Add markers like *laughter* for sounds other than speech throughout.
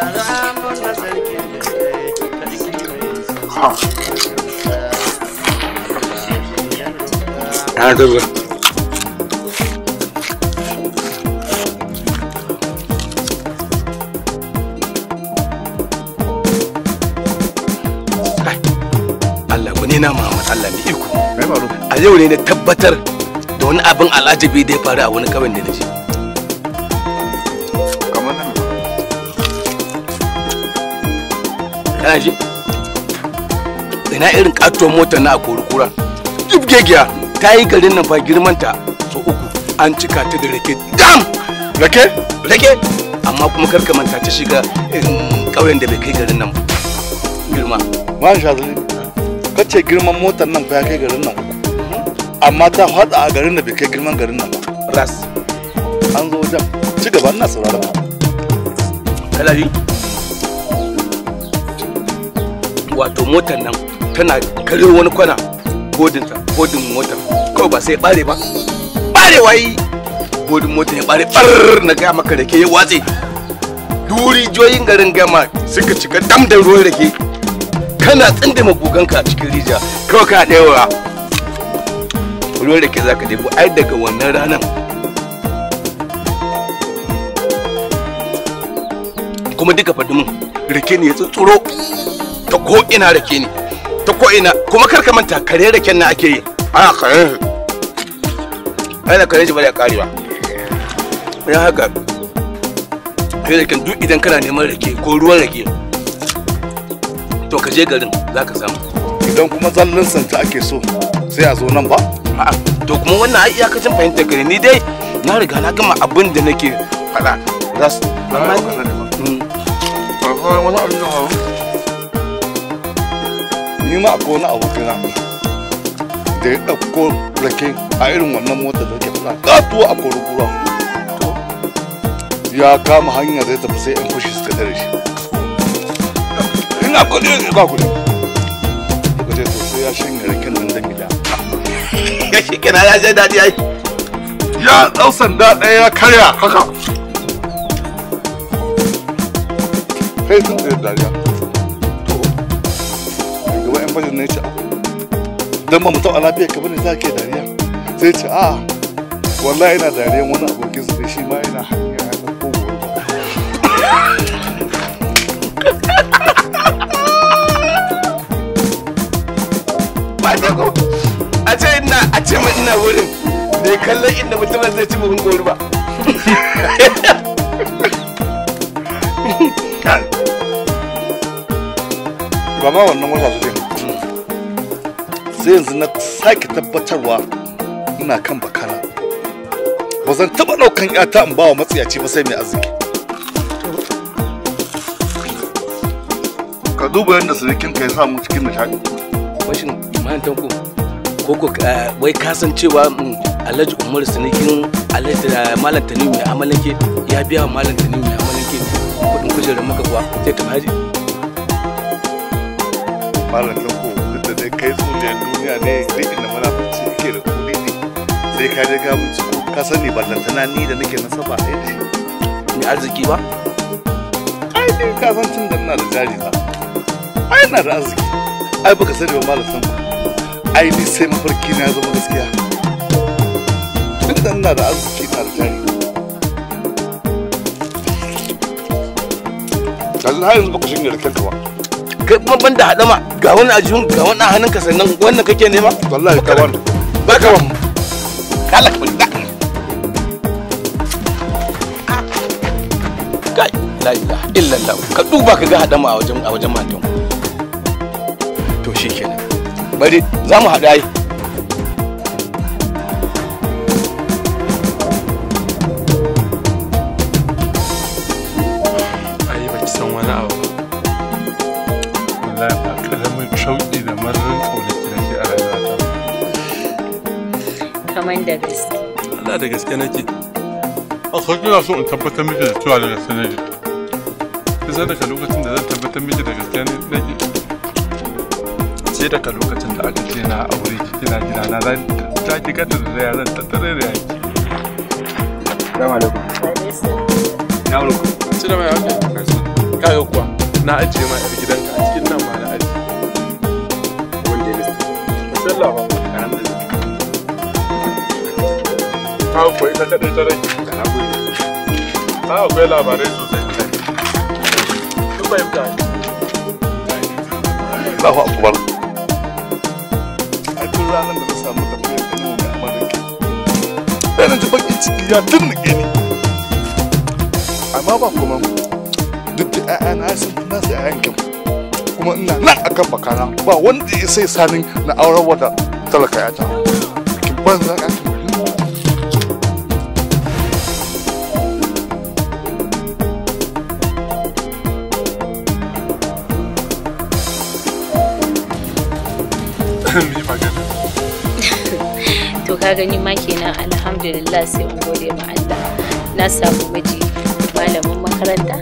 Allah ku ne na Muhammad Allah ne iko. A yau ne na tabbatar da wani abin alajabi da ya faru a wani kawai da na ji ina irin katuwar motar na a korikura jibgegiya ta yi garin nan fa girmanta so uku an cika ta da rake dam rake rake amma kuma karka manta ta shiga ƙauyen da bai kai garin nan girma ma sha kace girman motar nan ya kai garin nan amma ta hada a garin da bai kai girman garin nan ba ras an zo wajen ci gaba ina sauraron ka wato motar nan tana kare wani kwana godin ta kodin motar kawai ba sai bare ba bare wai godin motar ya bare bar na ga maka rake ya watse duri joyin garin gama suka cika dam da ruwan rake kana tsindima guganka a cikin rijiya kawai ka daewa ruwan rake zaka debo ai daga wannan ranan kuma duka faɗi mun rake ne ya tsoro ta ko ina rake ne ta ko ina kuma kar manta kare raken na ake yi a ah, kare shi yana kare shi ba da karewa ya haka kai raken duk idan kana neman rake ko ruwan rake to ka je garin za ka samu idan kuma zallin santa ake so sai a zo nan ba a'a to kuma wannan ai iyakacin fahimtar gari ni dai na riga na gama abin da nake fada za su amma ne ni ma ko na abokin ha da ya ɗauko rake a irin wannan motar da ke fasa katuwa a korugura ya kama hanya zai tafi sai 'yan fushi suka tare shi ina kudi ne ba kudi suka ce to sai ya shinga raken nan da gida *laughs* ya shi kenan ya sai dadi ai ya ɗau sanda ɗaya ya karya haka kai sun tsaye dariya in bari ce dan ba mutum a lafiya ka bane za dariya sai ce a wallahi yana dariya wani abokin su shi ma a ce ina a ce ma ina da kallon inda mutum zai ci ba. Ba ma sai yanzu na sake tabbatarwa ina kan bakara ba zan taɓa ɗaukan yata in bawa matsiyaci ba sai mai arziki ka duba yadda sirikin ka ya samu cikin nishaɗi bashin imanin tanko koko eh, wai kasancewa mm, alhaji umaru sirikin eh, malam tanimu mai amalanke ya biya wa malam tanimu mai amalanke kudin kujerar maka kuwa sai ta maji malam tanko kai tsuniyar duniya ne duk inda munafunci ke da kudi ne sai ka je ga mun ciko ka sani ballantana ni da nake nasaba ɗaya da ni arziki ba ai ne ka san tun da ina da jari ba ai ina da arziki ai baka sani ba malam ba ai ni sai mafarki na zama gaskiya tun da ina da arziki ina da jari yanzu har yanzu baka shirya da kanka ba kai kuma banda hadama ga wani ajihun ga wani sannan wannan kake nema wallahi ka wani baka wani kala kulla kai la ilaha ka duba ka ga hadama a wajen a wajen matan to shikenan bari za mu da gaske. Allah da gaske nake. A Akwai na so in tabbatar miki da cewa da gaske nake. Kusa daga lokacin da zan tabbatar miki da gaske nake. Sai daga lokacin da aka ce na aure ki na gida na zan ta ki gata da zai zan tattare da yaki. Salamu alaikum. Na alaikum. Ci da mai haka. Kaga kuwa na ajiye ma a gidanka a cikin nan ma na ajiye. Wanda ya lissa. Sallah kawo ko ita kadai ta rage ka na yi ta akwai labarai sosai ta ne duk bai fita Allahu akbar a tun ranar da na samu tafiyar da nuna amarin sai na ji bakin ciki ya tunnuke ni amma ba kuma duk da 'ya'yana sun fi nasa 'ya'yan kyau kuma ina nan akan bakana ba wanda ya sai sanin na auren wata talaka ya ta ka gani ma kenan alhamdulillah sai mun gode ma Allah na samu miji malamin makaranta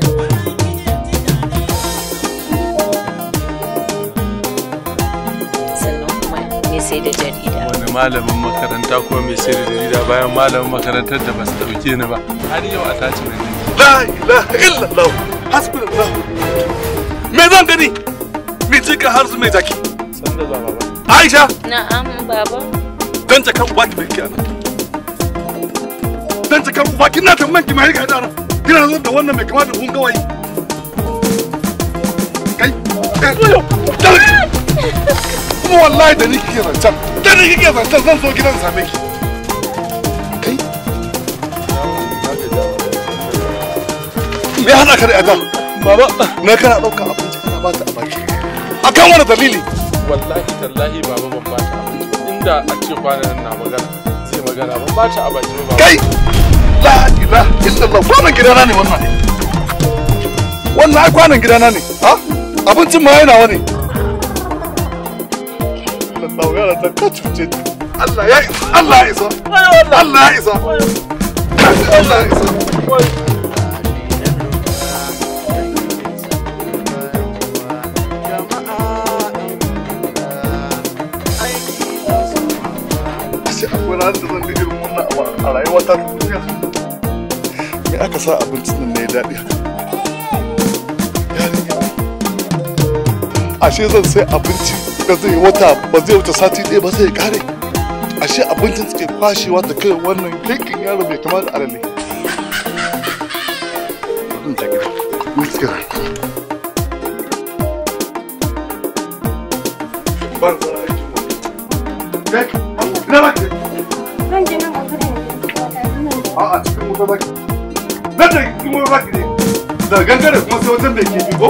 sannan kuma sai da jarida wani malamin makaranta ko mai sai da jarida bayan malamin makarantar da ba su dauke ni ba har yau a tace ne la ilaha illallah hasbunallah me zan gani ni cika har su mai zaki sanda za baba Aisha na'am baba dan jakar uba ki bai kiyana dan jakar uba ki na tamman ki mai ga dana kina zo da wannan mai kama da hun gawayi kai eh, kuma wallahi da ni kike zancen da ni kike zancen zan zo gidan same ki me hana ka da yata baba na kana ɗauka abinci kana ba ta a baki akan wani dalili wallahi tallahi baba ban ba ta da a ce kwanan na magana sai magana ban ba ta a ba kai la illa kwanan gidana ne wannan wannan ai kwanan gidana ne ha abincin ma yana wani Allah ya rata cuce Allah ya Allah ya isa Allah ya isa Allah ya isa Wani na da zan irin wannan a rayuwa ta duniya me aka sa abincin nan ne daɗi ashe zan sai abinci da zai wata ba zai wuce sati ɗaya ba zai kare ashe abincin suke kwashewa ta kai wannan kekin yaro bai kama da alale Thank you. kuma zaki nan da kuma zaki ne da gangare kuma sai wajen da ke bi ko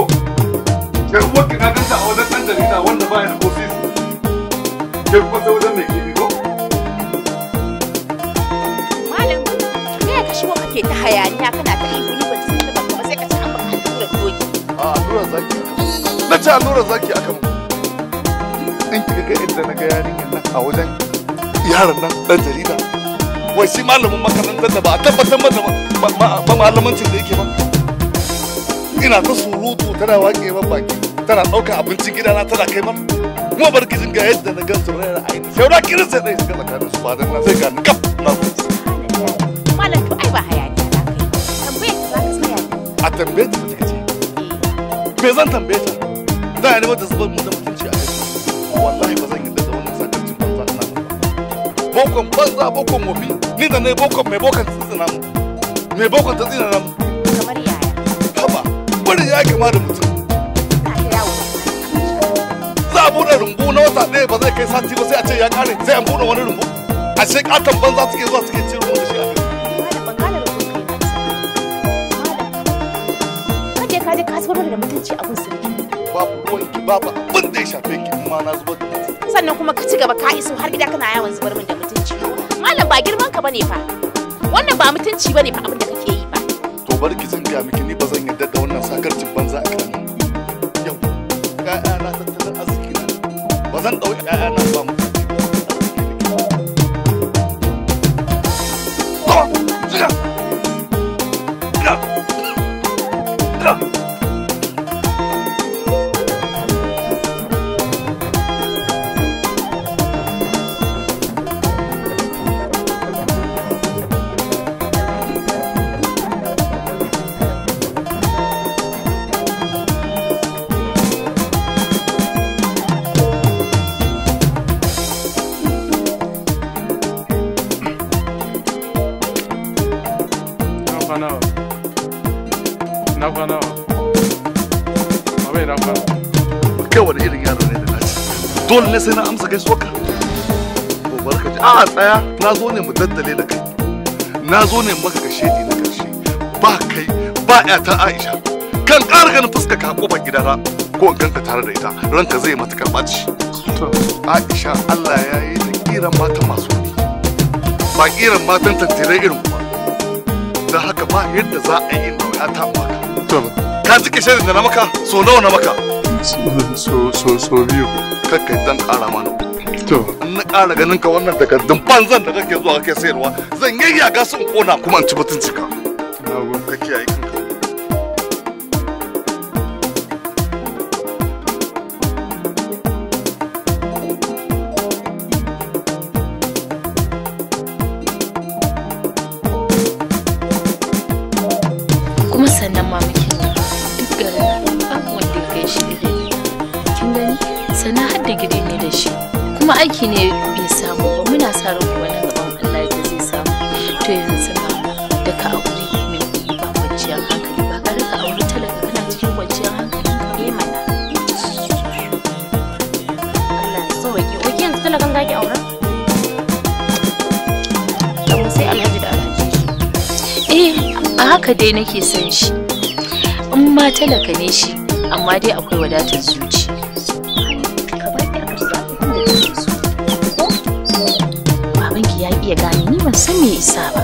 ke kuma ki na ganta a wajen ɗan jarida wanda ba ya da kosisi ke kuma sai wajen da ke bi ko malam me kake ta hayaniya kana ni ba ba sai ka ci an baka allura doki a zaki na ci zaki akan in kika ga inda na ga yarinyar nan a wajen yaran nan jarida wai shi malamin makarantar da ba a tabbatar mata ba malamancin da yake ba ina ta surutu tana waƙe man baki tana ɗaukar abincin na tana kai man kuma bar gijin ga yadda na gan turai da aini shaura kirin sai ɗaya shiga tsakanin su ba dan na sai ga ni kaf na malam to ai ba hayaki na kai tambaye ta za ka tsaya a tambaye ta ta ce eh. me zan tambaye ta da ya ne mata zubar mu da mutunci a kai wallahi ba zan yi da wannan sakacin banza na ba bokon banza bokon wafi ni na boko mai bokan tsintsina mu mai bokon ta tsintsina mu kamar yaya haba bari ya kama da mutum za a buɗe rumbu na wata ɗaya ba zai kai sati ba sai a ce ya kare sai an buɗe wani rumbu a ce katon banza suke zuwa suke cin rumbu da shi a kai ka je ka zubar da mutunci a kunsu babu ruwanki babu abin da ya shafe ki ma na zubar da sannan kuma ka ci gaba ka iso har gida kana yawan zubar min da mutunci Malam ba girman ka bane fa. Wannan ba mutunci bane fa abin da kake yi ba. To bari ki ga miki ni ba zan yarda da wannan sakar banza a kai Yau. Ya'ya na tattalin arziki na. Ba zan dauki ya'ya na ba kowane irin yaro ne da na ci dole ne sai na amsa gaisuwa ka gobar ka ji a tsaya na zo ne mu daddale da kai na zo ne maka gashe ni na karshe ba kai ba ta Aisha kan ƙara ganin fuska ka kofar gidana ko in ganka tare da ita ranka zai matukar ɓaci Aisha Allah ya yi da ƙiran mata masu ne ba kiran matan tantirai irin kuma don haka ba yadda za a yi nauya ta maka ka ji kishirin da na maka so nawa na maka so so so biyu kakka dan ƙara mana to in na ƙara ganin ka wannan takardun banzan da kake zuwa kake sayarwa zan yayyaga su in kona kuma in ci mutuncin ka na gode ka kiyaye aiki ne bai samu ba muna sa ran kuma abin Allah ya zai samu to yanzu sama da ka aure mai ba kwanciyar hankali ba ka rika aure daga kana cikin kwanciyar hankali eh mana Allah ya so wake wake yanzu talakan ki aure amma sai Alhaji da Alhaji eh a haka dai nake son shi in ma talaka ne shi amma dai akwai wadatar zuci ban san me isa ba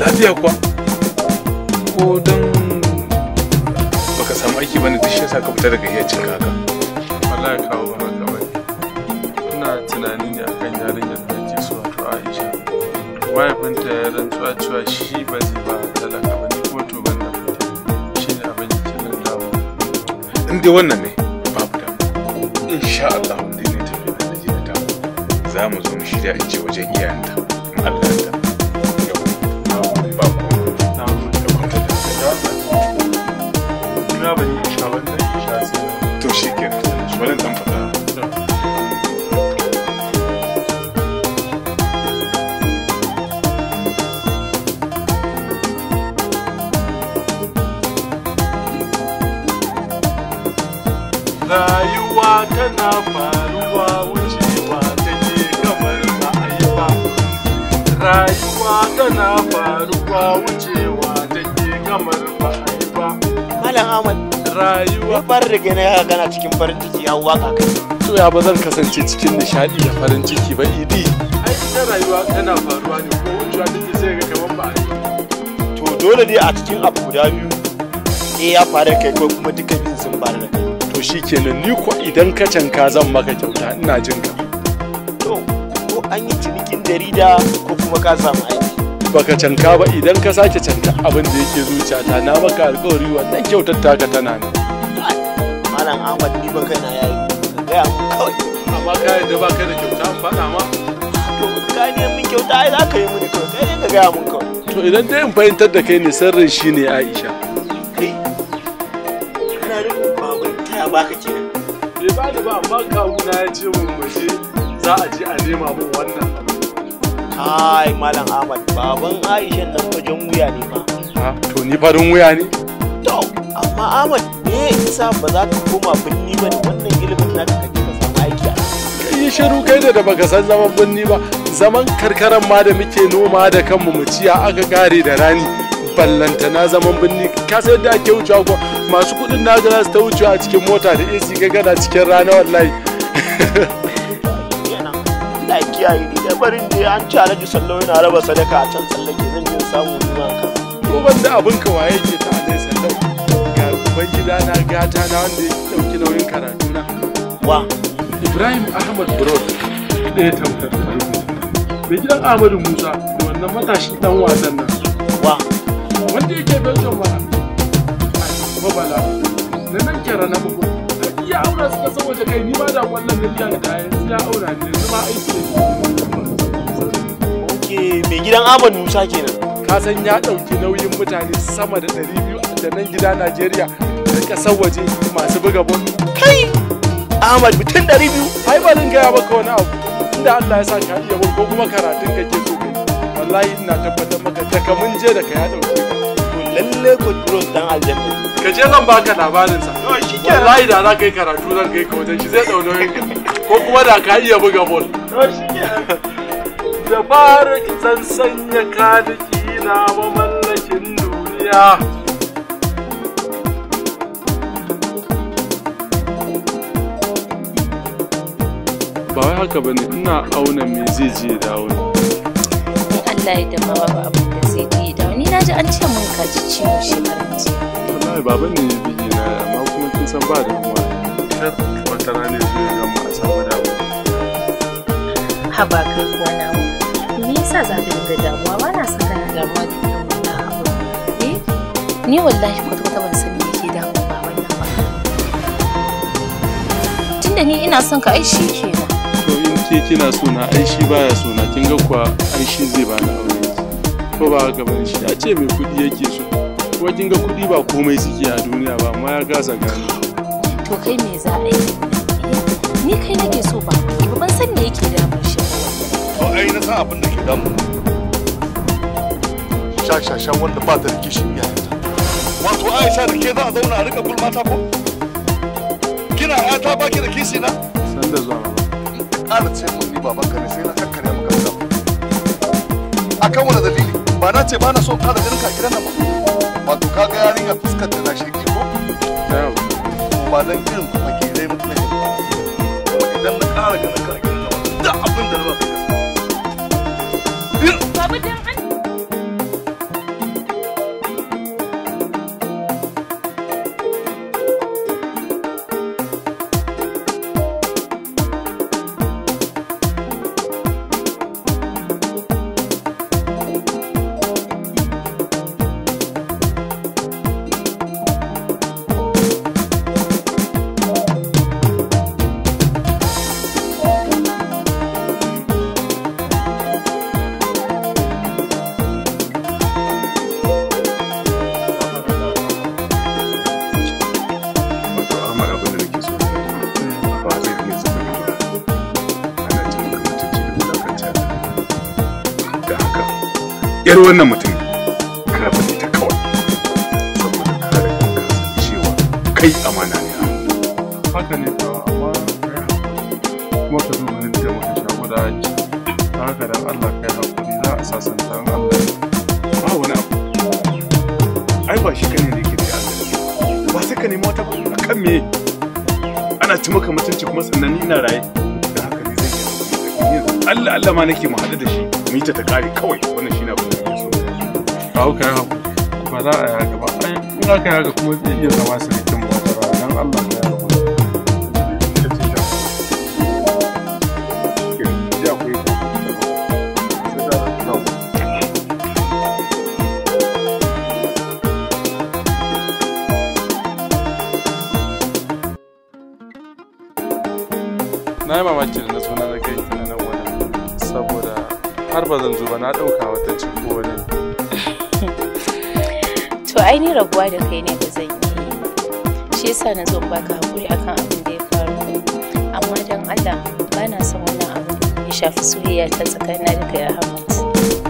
lafiya kuwa ko don baka samu aiki bane duk shi yasa ka fita daga iya cin haka wallahi mahaifinta ya rantsuwa cewa shi ba zai ba talaka ba to ban da kuɗi shi ne abin da dawo in dai wannan ne babu insha Allah mun dai ne tafi da na za mu zo mu shirya in wajen iyayenta rayuwa farin rike ne ya gana cikin farin ciki ya waka kai to ya ba zan kasance cikin nishadi da farin ciki ba idi ai ita rayuwa tana faruwa ne ko wucewa take sai ga kaman ba to dole ne a cikin abu guda biyu ne eh, ya faru kai ko kuma duka bin sun ba da kai to shikenan ni ko idan ka canka zan maka kyauta ina jin ka to ko an yi cinikin jarida ko kuma ka samu aiki baka canka ba idan ka sake canka abin da yake zuciya ta na maka alkawari wannan kyautar taka tana ne malam ahmad ni ba na yayi ka gaya mu kawai amma ka yadda ba da kyauta an faɗa ma to ka ne min kyauta ai za ka yi mini kawai kai ne ka gaya mun kawai to idan dai in fahimtar da kai ne sirrin shine aisha kai kana nufin baban taya baka kenan bai ba ni ba amma kawuna ya ce mun mace za a je a nema mun wannan kai malam ahmad baban aisha nan wajen wuya ne ba to ni farin wuya ne to amma ahmad me yasa ba za ka koma binni ba wannan ilimin naka kake ka samu aiki a yi shiru kai da da baka san zaman binni ba zaman karkaran ma da muke noma da kanmu mu ciya aka kare da rani na zaman binni ka san yadda ake wucewa ko masu kudin na ga su ta wucewa a cikin mota da AC ga gana cikin rana wallahi Allah kiyaye ni da barin da an ci alaji sallau yana raba sadaka a can tsallake zan je samu ruwa kan ko da abin ka waye ke ta alai sallau yata na wanda ya ɗauki nauyin karatu na. Wa. Ibrahim Ahmad Brod ɗaya tamkar Mai gidan Ahmadu Musa da wannan matashi ɗan wasan nan. Wa. Wanda yake Belgium ba. Mabala. Na nan kyara na bugu. Iya aura suka saboda kai ni ma da wannan na biyan da yanzu ya aura ne yanzu ma aiki ne. Ok, mai gidan Ahmad Musa kenan. Ka san ya ɗauki nauyin mutane sama da ɗari biyu da nan gida Najeriya ka sawaje masu buga bon kai ahmad mutum ɗari biyu ai barin gaya maka wani abu inda allah ya sa ka iya bom ko kuma karatun kake so kai wallahi ina tabbatar maka ka mun je da ka ya dauke to lalle ko cross dan aljanna ka je zan baka labarin sa wallahi da za ka yi karatu zan kai ka wajen shi zai ɗau nauyin ko kuma da ka iya buga da dabarar zan sanya ka da mamallakin duniya ba wai haka bane ina auna me zai je dawo ne Allah ya dama ba abin da zai je dawo ni naji an ce mun ka ji ciwo shekaran jiya ba baba ne ya bige na amma kuma kin san ba da kuma kar wata rana ne zai ga mu a samu ha ba kai ko na me yasa za ka dinga damuwa ba na saka na damuwa da wannan abu eh ni wallahi ko ta ban sani yake damu ba wannan ba tunda ni ina son ka aishi ke. kenan ke kina so na ai shi baya so na kin ga kuwa ai shi zai ba na aure ko ba ga bane shi a ce mai kuɗi yake so kuma kin ga kuɗi ba komai suke a duniya ba amma ya gasa gani to kai me za a yi ni kai nake so ba ba ban san me yake mun shi to ai na san abin da ke sha shashashan wanda ba ta shi ya ta. wato aisha da ke za a zauna a rika ta ko kina ta baki da kishi na san da zuwa ƙara ce mun ni baban ka ne sai na kakkare maka A akan wani dalili ba na ce ba na so kada ganin ka gidan ba wato ka ga yarinya fuskar ta na shirki ko ba dan irin kuma ke dai bar wannan mutum ka rabu kawai saboda kare kanka cewa kai amana ne haka ne ta amma kuma ka zo wani da muka sha gudanci haka da Allah kai hakuri za a sasanta an Allah ba wani abu ai ba shi kane ne yake da Allah ba sai ka nemi wata kan me ana ci maka mutunci kuma sannan ni ina raye da haka ne zai yi Allah Allah ma nake mu haɗu da shi mu yi ta ta kare kawai kawo ya haku ba za a yi ba in aka kuma zai iya zama sarkin mota ba don Allah ya rabu na yi mamaki da na suna na kai na nan wani saboda har ba zan zo ba na ɗauka wata ciki rabuwa da kai ne da zan yi shi yasa na zo baka hakuri akan abin da ya faru amma dan Allah ba na son wannan abu ya shafi soyayya ta tsakanina da kai Ahmad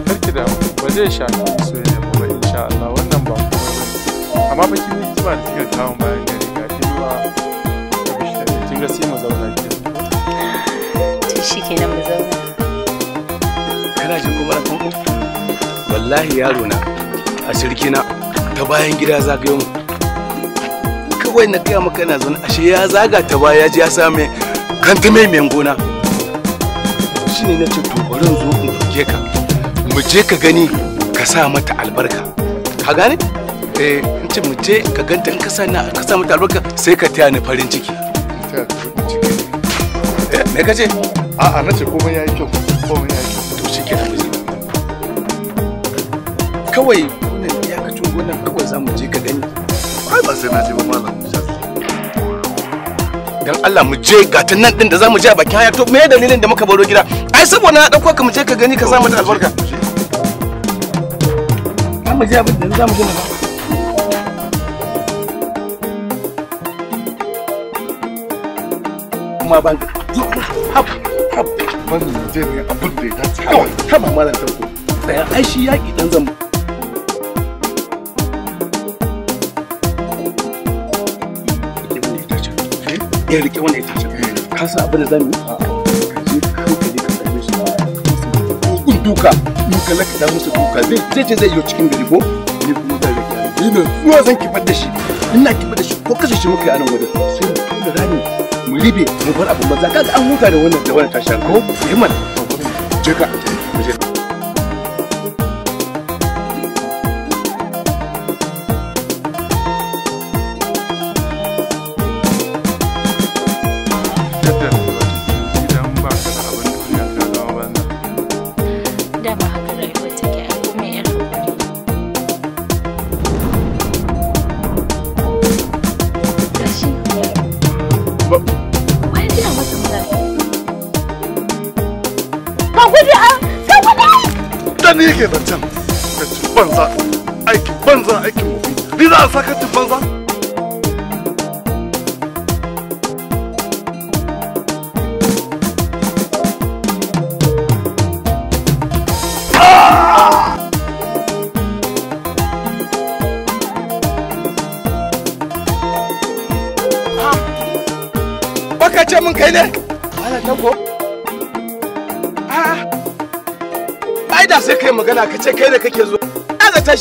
karki da ba zai shafi soyayya ba insha Allah wannan ba amma ba kin ji ba da kike kawo bayan gari ga ruwa da bishiyar kin ga sai mu zauna ki to shikenan mu zauna kana jin kuma wallahi yaro na a sirkina ta bayan gida zagayo mu kawai na kai maka na zan ashe ya zaga ta baya ya ji ya same kanta mai mai gona shine na ce to bari zo in tuke ka mu je ka gani ka sa mata albarka ka gane eh in ce mu je ka ganta in ka sa na ka sa mata albarka sai ka taya ni farin ciki eh, me kace a'a na ce komai yayi kyau komai yayi kyau to shi kenan kawai wannan kawai za mu je ka gani ai ba sai na je ba malam dan Allah mu je ga ta nan din da za mu je a bakin haya to me dalilin da muka baro gida ai saboda na dauko ka mu je ka gani ka samu albarka mu je abin da za je mu ma ban hab hab ban je ne abin da ya kawai malam da ai shi yaki dan ya rike wanda ya tace ka san abin da zan yi je kun duka in ka laka da duka zai ce zai yi cikin gari ko ni kuma zan rike ina kuma zan kifar da shi ina kifar da shi ko kashe shi muka yi a nan wajen sai mu tura rami mu ribe mu bar abin maza kaga an huta da wannan da wannan tashar ko yi mana je ka je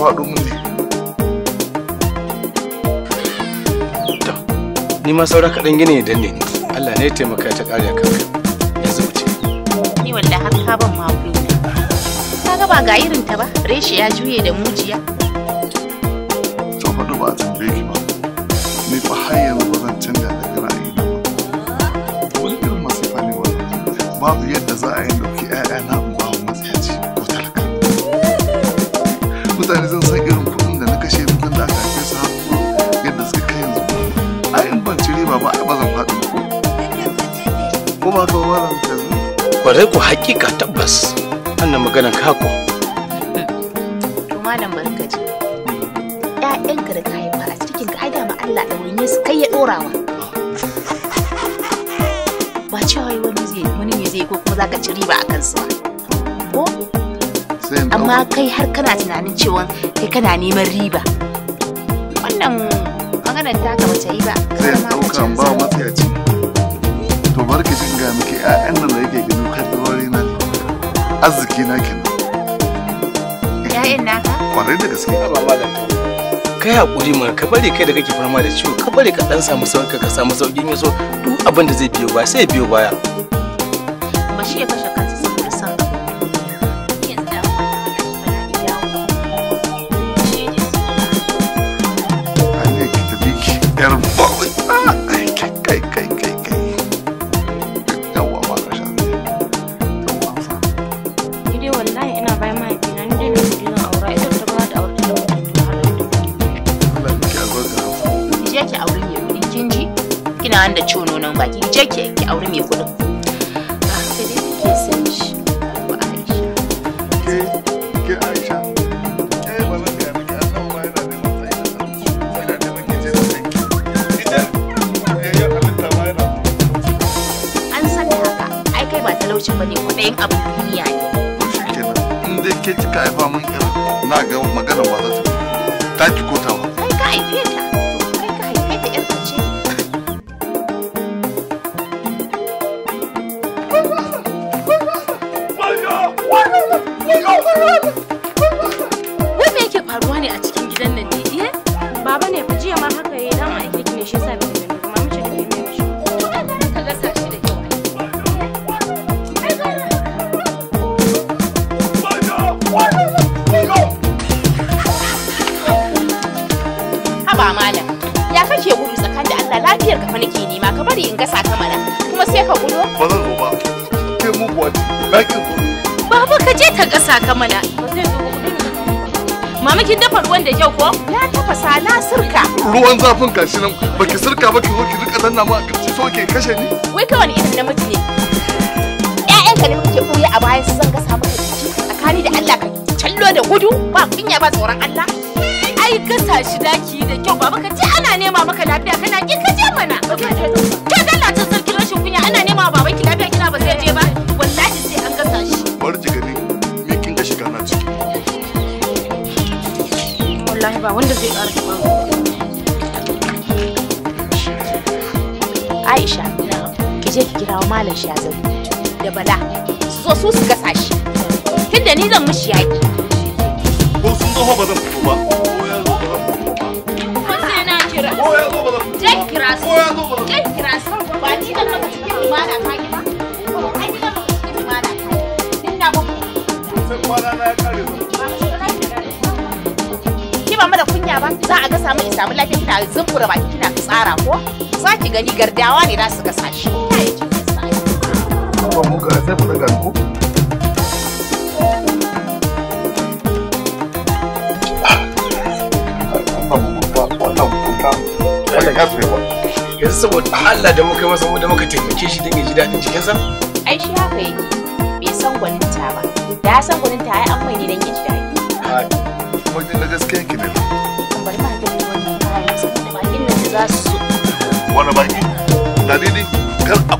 faɗo mun ne ni ma saura kaɗan gine da ne Allah ne ya taimaka ta ƙarya kanka yanzu mu ce ni walla har ka ban ma ka ga ba ga irin ta ba reshe ya juye da mujiya to fa duba ta ki ba ni fa har yanzu ba zan canja daga ra'ayi ba wani irin masifa ne wannan babu yadda za a yi kwarai ku hakika tabbas wannan maganan kako to malam barkaji ka da ka haifa a cikin ka haida ma Allah wani su kai ya dorawa ba cewa wani zai wani ne zai ko kuma zaka ci riba a kansu ba ko amma kai har kana tunanin cewa kai kana neman riba wannan maganar ta ka bata yi ba zai ɗaukan ba matsayaci to barki jin ga miki 'ya'yan nan da yake gina arziki na kenan ya'yan naka kwarai da gaske ba malam kai hakuri mana ka bari kai da kake fama da ciwo ka bari ka dan samu sauki ka samu sauki in yaso duk abin da zai biyo baya sai biyo baya ba shi ya kashe kansa Caramba! ruwan zafin kashi nan baki sirka ba ki zo ki rika danna mu a karshe so ke kashe ni wai kai wani irin namiji ne ƴaƴan ka ne muke ɓoye a bayan su zanga samu ka tsakani da Allah ka challo da gudu ba kunya ba tsoron Allah ai gasa shi daki da kyau baba ka ce ana nema maka lafiya kana ki ka je mana malam shazabi da bala so su su gasa shi tunda ni zan mushi yaki ko sun zo ba zan fito ba ko ya zo ba zan fito ba ko ya zo ba zan kira ba ni maka cikin ta ki ba ko ai maka ta ki ina mu da kunya ba za a gasa samu isa mu lafiya kina zumbura baki kina tsara ko za ki gani gardawa ne za su gasa shi zuwa muka sai mu daga ku yanzu saboda Allah da muka masa da muka taimake shi don ji daɗin jikinsa? Ai shi haka yake bai san gwaninta ba. Da ya san gwaninta ai an ne don ya ji daɗi. Kuma da gaske yake ne. Bari ma ta wani kayan saboda bakin nan za su Wani baki? Na kar a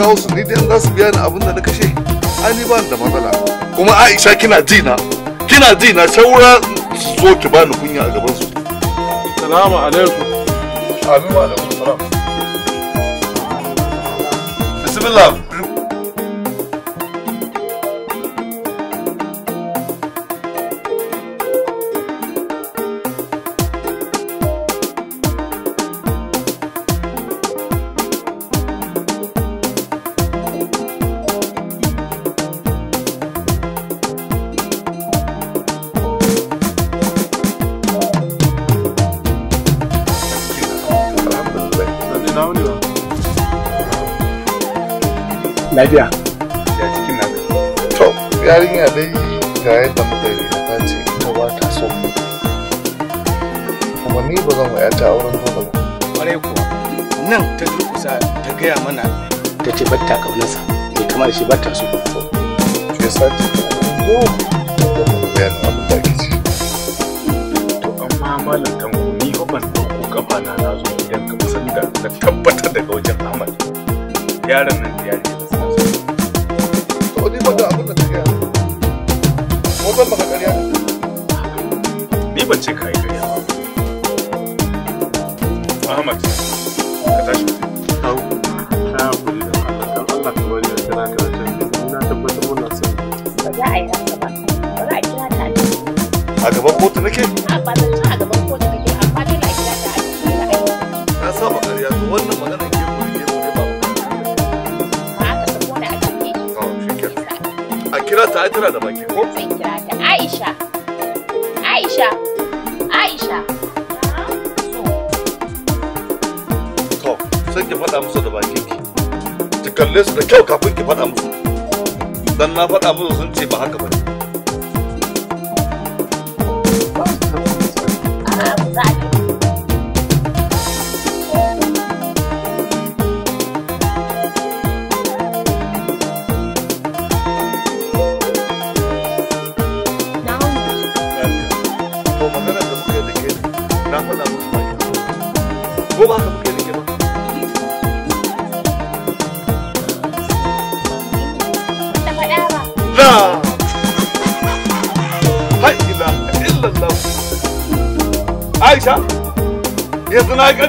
kawo su ni dai za su biya ni abin da na kashe ai ni ba da matsala kuma Aisha kina ji na kina ji na saura zo ki bani kunya a gaban su salamu alaikum amin wa alaikum salam bismillah Maybe I Aisha ai da baki ko? kira ta Aisha. Aisha. Aisha. To, sai ki faɗa musu da bakin ki. Ki kalle su da kyau kafin ki faɗa musu. Dan na faɗa musu sun ce ba haka ba ne.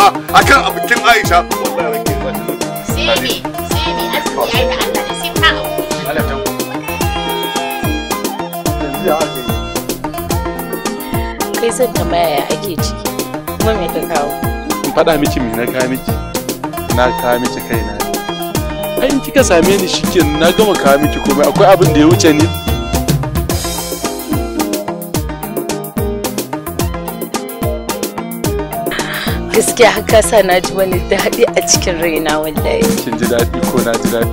fa akan abokin Aisha wallahi rake ba sai ne sai ne asiri yayi da Allah sai ka Allah ta kai san ya ake ciki kuma me ta kawo in miki me na kawo miki na kika same ni shikenan na gama kawo miki komai akwai abin da ya wuce ni gaskiya haka sa na ji wani daɗi a cikin raina wallahi kin ji daɗi ko na ji daɗi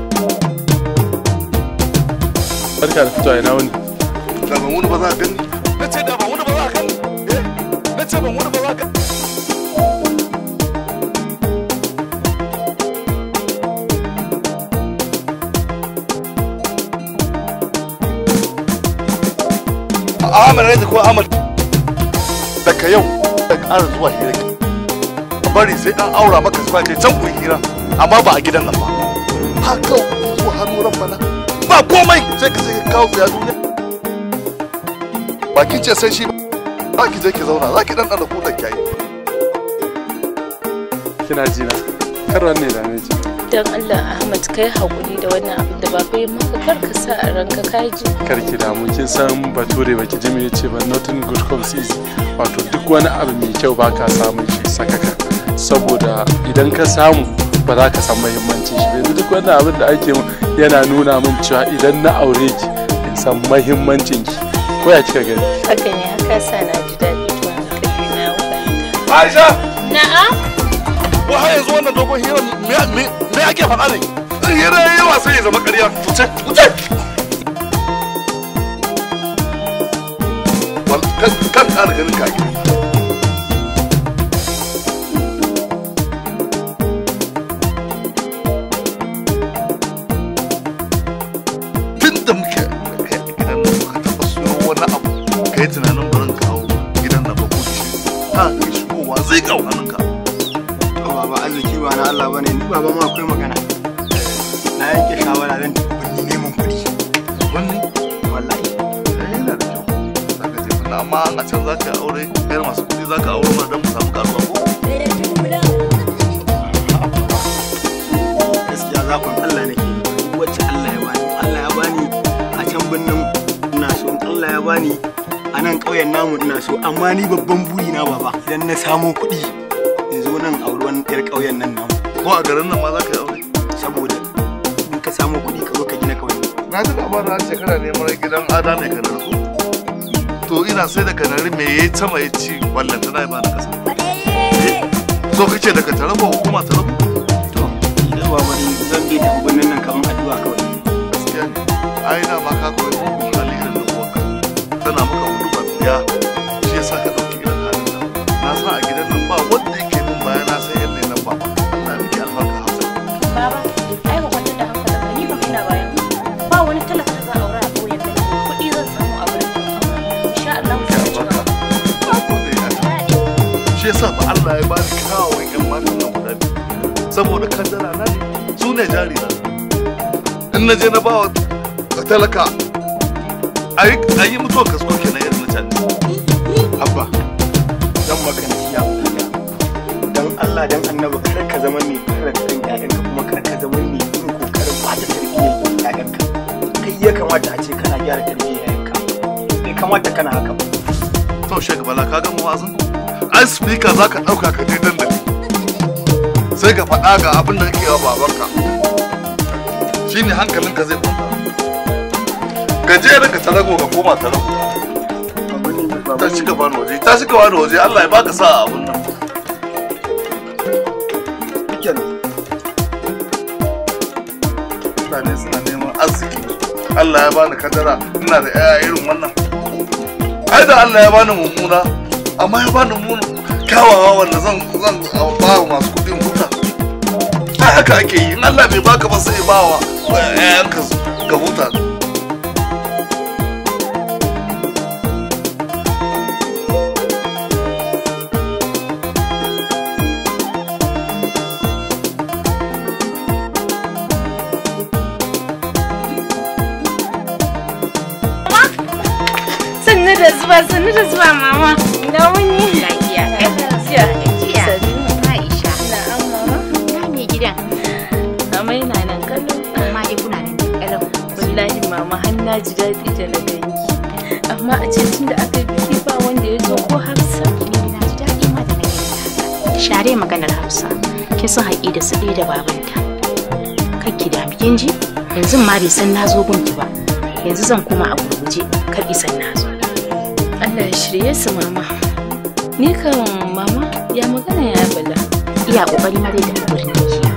barka da fitowa ina wani da ban wani ba za ka gani na ce da ban wani ba za ka gani na ce ban wani ba za ka gani Ahmad Reza ko Ahmad daga yau daga ƙara zuwa shi bari sai an aura maka zuwa kai can kun hira amma ba a gidan nan ba ha haka zuwa hannu ran bana ba komai sai ka sai kawo ya duniya ba kin ce sai shi ba ki je ki zauna za ki dan dana kudan kyayi kina jina kar ne da ne ji dan Allah Ahmad kai hakuri da wannan abin da ba kai maka kar ka sa a ranka kaji kar ki damu kin san bature ba ki ji yace ba nothing good comes easy wato duk wani abu mai kyau ba ka samu shi sakaka saboda idan ka samu ba za ka san muhimmancin shi yanzu duk wani abin da ake yana nuna min cewa idan na aure ki in san muhimmancin ki ko ya kika gani haka ne haka sa na ji daɗi to na Aisha na'am wahai yanzu wannan dogon hirar me me ake faɗa ne in yi raye yawa sai ya zama ƙarya wuce wuce kan kan ƙara ganin kage baba ma akwai magana na yanke shawara zan tafi neman kuɗi wannan wallahi eh, yana da kyau za ka tafi na ma a can za ka aure kai masu kuɗi za ka aure ma dan mu samu karuwa ko gaskiya ku Allah nake wacce Allah ya bani Allah ya bani a can birnin ina so Allah ya bani a nan ƙauyen namu ina so amma ni babban burina baba idan na samo kuɗi yanzu nan a ruwan 'yar ƙauyen nan na ko a garin nan ma za ka yi aure saboda in ka samu kuɗi ka zo ka gina kawai na ji labarin har shekara ne mara gidan ada ne ka narko to ina sai da kanari me ya sama ya ci wallan tana ba na kasa so kace da daga tare ko hukuma tare ba to idan ba wani zan bi da ubannin nan kamar addu'a kawai gaskiya ai na ma ka koyi sune na jari na in na je na ba wa talaka a yi mutuwa kasko kenan irin mutane abba dan maka nasiya dan Allah dan annabi kar ka zama mai kare kan ƴaƴanka kuma kar ka zama mai yin kokarin bata tarbiyyar ƴaƴanka kai ya kamata a ce kana gyara tarbiyyar ƴaƴanka bai kamata kana haka ba to shek bala ka ga mu wazin ai speaker zaka dauka ka je dan sai ka faɗa ga abin da kake wa babanka shine hankalinka zai kwanta gajeren ka tarago ka koma tarago ta shiga bani waje ta shiga bani waje Allah ya baka sa abun nan mutane suna neman arziki Allah ya bani kadara ina da yaya irin wannan ai da Allah ya bani mummuna amma ya bani mummuna kawawa wanda zan zan ba masu kuɗi haka ake yi in Allah bai baka ba sai bawa ƴaƴanka su ka huta sannu da zuwa sannu da zuwa mama na ji daɗi da na ganki amma a tun da aka yi biki ba wanda ya zo ko hafsa na ma share maganar hafsa kisan san haƙi da su ɗaya da babanta ki da kin ji yanzu ma bai san na zo gunki ba yanzu zan koma a guje kar isan na zo Allah ya shirye su mama ni kan mama ya magana ya bala iya ƙoƙari ma dai da alƙur'ani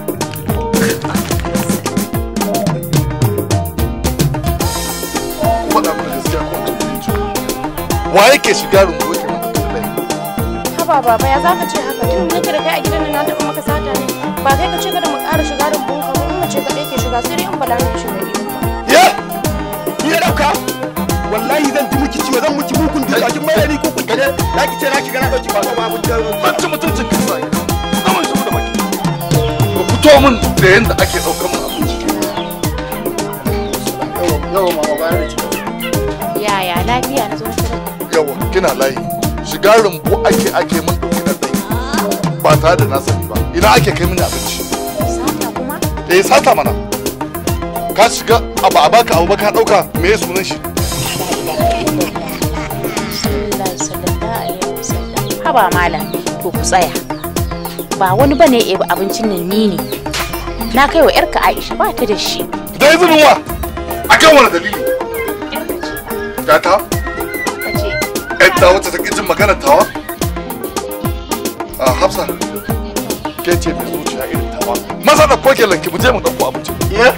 wa yake shiga rungu wata haba baba ya zaka ce haka tun nake da kai a gidan nan na kuma ka sata ne ba kai ka ce kada mu ƙara shiga rumbun ka ba mace kaɗai ke shiga sai dai in bala ne shiga ya ni da ka wallahi zan ji miki ciwo zan miki mukun duka kin mai ni ko kun gane na ki ce na shiga na dauki ba ko ma mun ta ban ci mutuncin ki sai aman shi da baki ku fito min da yanda ake daukar mu abinci yawa yawa ma ba ya ya lafiya na kina layi shiga rumbu ake ake min dauki da dai ba tare da na sani ba ina ake kai mini abinci sata kuma eh sata mana ka shiga abu a baka abu ba ka dauka me sunan shi haba malam to ku tsaya ba wani bane ya ebi abincin nan ni ne na kai wa yarka aisha ba ta da shi dai izinin wa akan wani dalili yarka ce ta ta hafsa wacce take jin magana ta wa? a ah, hafsa ke ce mai zuciya irin ta wa? maza da koke lanki mu je mu dauko abinci ya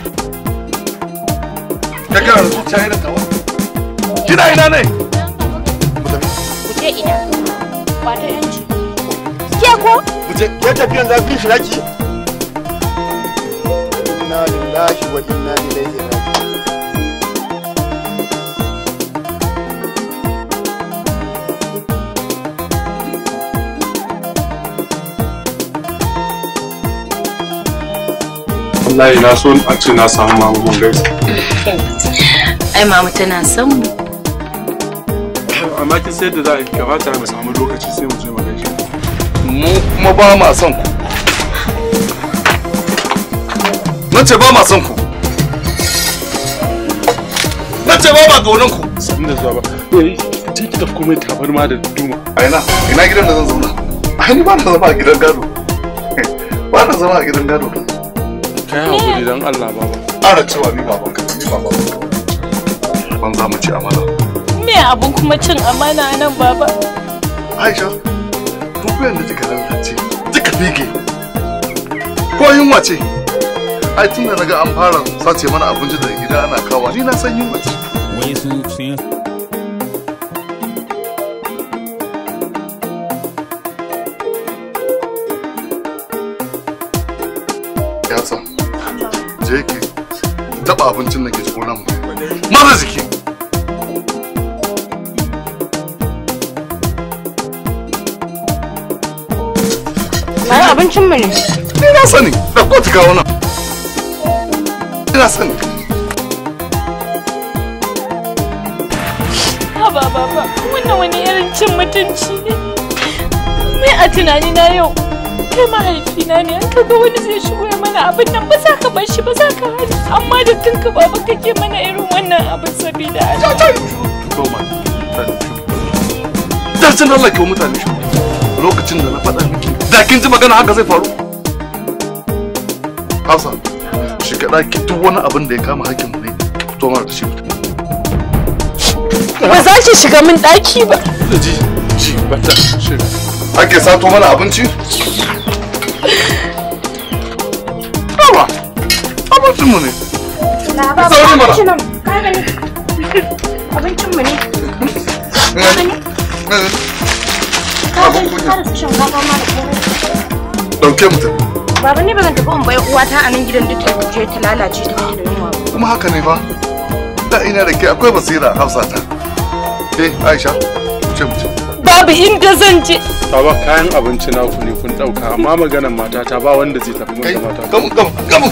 ka ga zuciya irin ta wa? kina ina ne mu tafi ku je ina ba ta yanci ke ko mu je ke tafiyan za ku yi shiraki inna lillahi wa inna ilaihi raji'un wallahi na so a ce na samu mamu mun gaisa ai mamu tana son mu amma kin sai da za a kamata mu samu lokaci sai mu je mu gaishe mu kuma ba ma son ku nace ba ma son ku nace ba ma gaunan ku Sun da zuwa ba eh je ki tafi komai ma da duma aina ina gidan da zan zauna ai ni ba na zama a gidan gado *laughs* ba na zama a gidan gado Kai hakuri don Allah baba. Ƙara cewa ni baba ka ni baba. Ban za mu ci amana. Me abun kuma cin amana a nan baba? Aisha, dubiyan da kika lalace, kika fige. Ko yunwa ce? Ai tun da naga an fara sace mana abinci daga gida ana kawa ni na san yunwa ce. Wai su sun je ki daba abincin da ke tsoron mu mara jiki Mara abincin mu ne. Ni na sani, da ko tuka wannan. Ina sani. Haba baba, wannan wani irin cin mutunci ne. Me a tunani na yau kai mahaifina ne an ga wani zai shigo ya mana abin nan ba za ka bar shi ba za ka hana amma da kanka baba kake mana irin wannan abin sabida Darsin Allah ke mutane shi lokacin da na faɗa miki da kin ji magana haka zai faru Hausa shiga ɗaki duk wani abin da ya kama hakkin mu ne to fito da shi ba za ki shiga min ɗaki ba ji ji bata shi ake sato mana abinci abincinmu ne saurin mana abincinmu ne eh. Eh. dauke mu ta. Baba ne ban tafi in bai uwata a nan gidan da ta je ta lalace ta mutu da Kuma haka ne ba. Da ina da ke akwai basira Hafsa ta. Eh Aisha, ce mu ce. babu inda zan je. Baba kayan abinci na ku ne kun ɗauka amma maganar matata ba wanda zai tafi mun da matata. Gamu gamu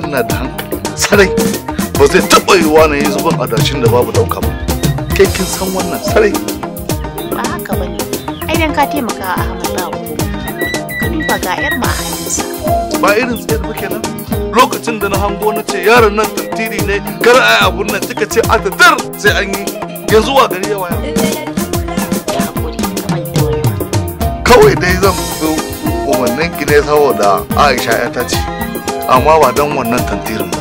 san da hankali sarai ba zai taɓa yiwuwa na yi ban adashin da babu ɗauka ba kai kin san wannan sarai ba haka ba ne ai dan ka taimaka a ahmad ba ka duba ga yar ma a ba irin tsayar ba kenan lokacin da na hango na ce yaron nan tantiri ne kar a yi abun nan kika ce a tatar sai an yi yanzu wa gari yawa kawai dai zan zo umarnin ki ne saboda aisha ya ta ce amma ba dan wannan tantirin ba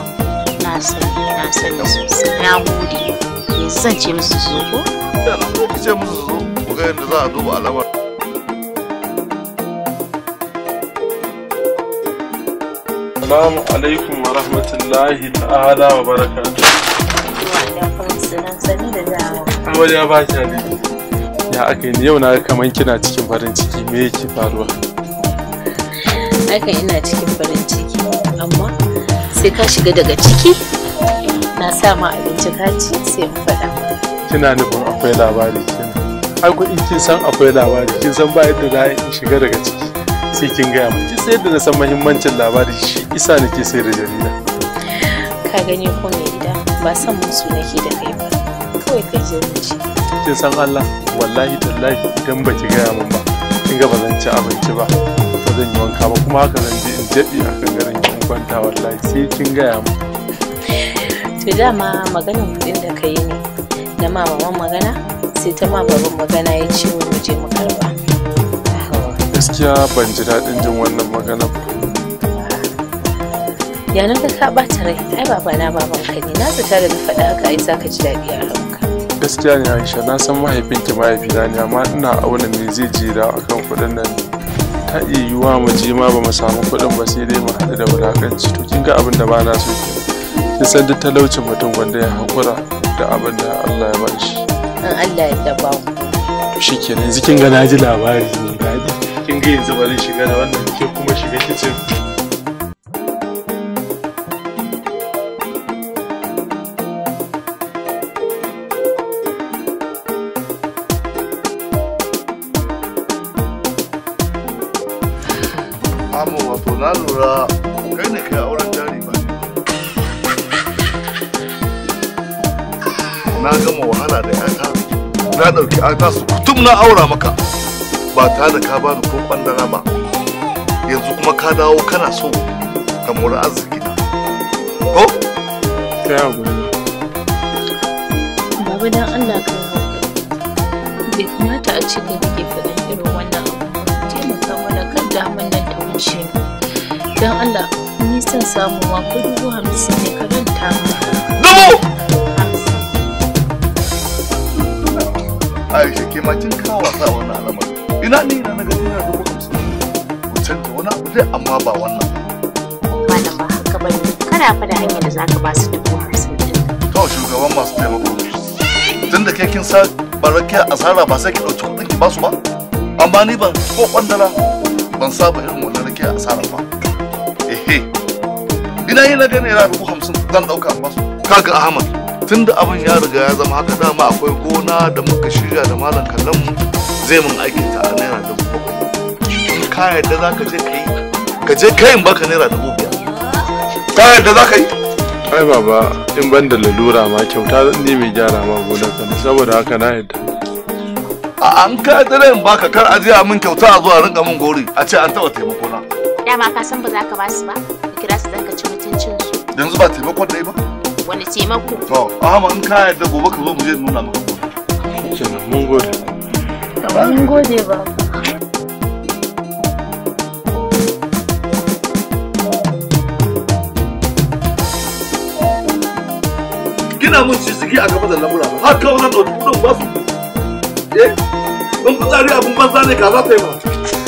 na sani na sani sosai na gode zan ce musu su zo yana musu zo ku Assalamu alaikum wa rahmatullahi ta'ala wa barakatuh. ya ba ne. yau na kaman kina cikin farin yake faruwa? aka ina cikin farin ciki. amma sai ka shiga daga ciki na sa ma abinci ka ci sai mu faɗa kina nufin akwai labari kin ai ko in kin san akwai labari kin san ba yadda za in shiga daga ciki sai kin gaya mu kin Sai da na san muhimmancin labari shi isa nake sai da jarida ka gani ko me gida ba san musu nake da kai ba kawai kai jarumci kin san Allah wallahi tallahi idan baki gaya min ba kin ga ba zan ci abinci ba ba zan yi wanka ba kuma haka zan je in jabi a kan garin kwanta wallahi sai kin gaya mu to dama maganin kudin da ka yi ne na ma maman magana sai ta ma baban magana ya ce mu je mu karba gaskiya ban ji daɗin jin wannan magana ya na ka ɓata rai ai baba na baban ka ne na zata da faɗa ka ai za ka ji daɗi a ranka gaskiya ne aisha na san mahaifinki mahaifina ne amma ina auna ne, zai jira akan kuɗin nan ne haɗe yiwuwa mu je ma ba mu samu kuɗin ba sai dai mu haɗu da wulaƙanci to kin ga abin da ba na so ke san duk talaucin mutum wanda ya haƙura da abin da Allah ya bar shi in Allah ya taba mu shi kenan yanzu kin ga na ji labari ne kin ga yanzu bari shiga da wannan ke kuma shiga kicin na aura maka ba tare da ka bani ko ɓandana ba yanzu kuma ka dawo kana so ka mura arziki ko? ta abu ne baba dan Allah ka bai kamata a cikin da ke faɗin irin wannan abu taimaka mana kan damar nan ta wuce dan Allah ni son samu ma ko dubu hamsin ne ka ranta mu. Dubu! aisha ke ma kin kawo wasa wannan alamar ina ne ina na gani yana dubu hamsin ku canza wani abu dai amma ba wannan malam ba haka bane kana fa da hanyar da zaka ba su dubu hamsin to shugaban masu taimako tunda kai kin sa barakiya asara ba sai ki ɗauki kuɗin ki ba su ba amma ni ban ko kwandala ban saba irin wannan rake asara ba ehe ina yi na gani yana dubu hamsin zan ɗauka ba su kaga ahmad tun da abin ya riga ya zama haka dama akwai gona da muka shirya da malam kallon mu zai mun aikin ta a naira dubu bakwai ka yadda za ka je ka yi ka je in baka naira dubu biyar ka yadda za ka yi ai baba in ban da lalura ma kyauta zan ne mai gyara ma gonar ka saboda haka na yadda. a an ka yarda in baka kar a a min kyauta a zuwa rinka min gori a ce an taɓa taimako na dama ka san ba za ka ba su ba kira su dan ka ci mutuncin su yanzu ba taimakon dai ba da To, in ka yarda gobe ka zo mu je nuna maka. mun gode. Mun gode ba. Kina mun a gaba da lamura ba, har kawo ba su. Eh, abin banza ne ka za ta ba.